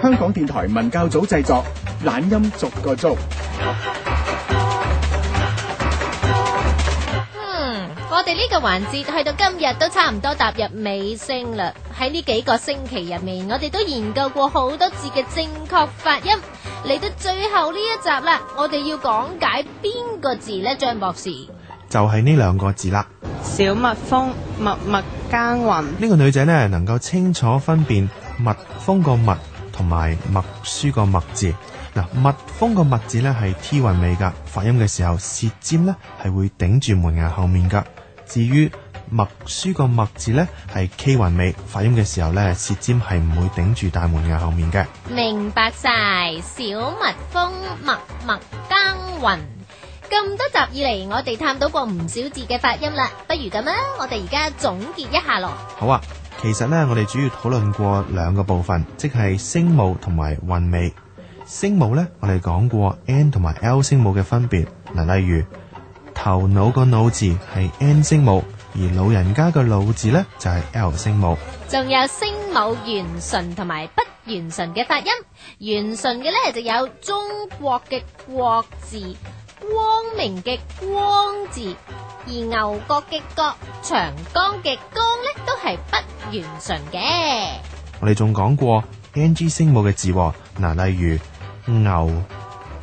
香港電台文教組製作，懶音逐個捉。嗯，我哋呢個環節去到今日都差唔多踏入尾聲啦。喺呢幾個星期入面，我哋都研究過好多字嘅正確發音。嚟到最後呢一集啦，我哋要講解邊個字呢？張博士就係呢兩個字啦。小蜜蜂，密密耕耘」，呢個女仔呢能夠清楚分辨蜜蜂個蜜。同埋默書個默字，嗱，蜜蜂個蜜字咧係 T 韻尾噶，發音嘅時候舌尖咧係會頂住門牙後面噶。至於默書個默字咧係 K 韻尾，發音嘅時候咧舌尖係唔會頂住大門牙後面嘅。明白晒，小蜜蜂，默默耕耘。咁多集以嚟，我哋探到過唔少字嘅發音啦，不如咁啦，我哋而家總結一下咯。好啊。其實咧，我哋主要討論過兩個部分，即係聲母同埋韻尾。聲母咧，我哋講過 n 同埋 l 聲母嘅分別。嗱，例如頭腦個腦字係 n 聲母，而老人家個老字咧就係、是、l 聲母。仲有聲母圓唇同埋不圓唇嘅發音，圓唇嘅咧就有中國嘅國字、光明嘅光字，而牛角嘅角、長江嘅江咧都係不。完成嘅，我哋仲講過 ng 聲母嘅字，嗱、啊，例如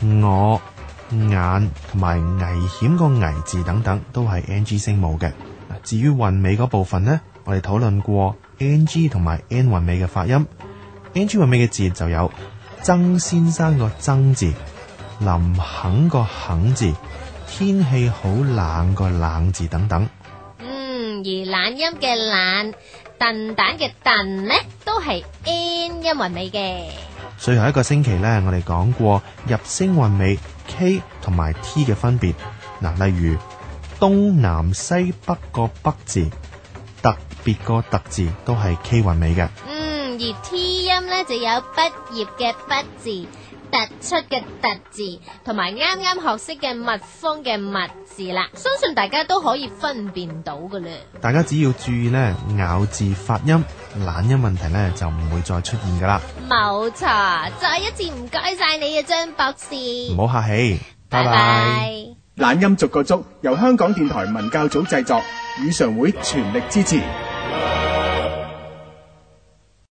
牛、我、眼同埋危險個危字等等，都係 ng 聲母嘅。至於韻尾嗰部分咧，我哋討論過 ng 同埋 n 韻尾嘅發音。ng 韻尾嘅字就有曾先生個曾字、林肯個肯字、天氣好冷個冷字等等。而懶音嘅懶，燉蛋嘅燉咧，都係 n 音韻尾嘅。最後一個星期咧，我哋講過入聲韻尾 k 同埋 t 嘅分別。嗱、啊，例如東南西北個北字，特別個特字都係 k 韻尾嘅。嗯，而 t 音咧就有畢業嘅畢字。突出嘅突字，同埋啱啱學識嘅蜜蜂嘅蜜字啦，相信大家都可以分辨到噶啦。大家只要注意咧咬字發音、懶音問題咧，就唔會再出現噶啦。冇錯，再一次唔該晒你啊，張博士。唔好客氣，拜拜。懶音逐個捉，由香港電台文教組製作，語常會全力支持。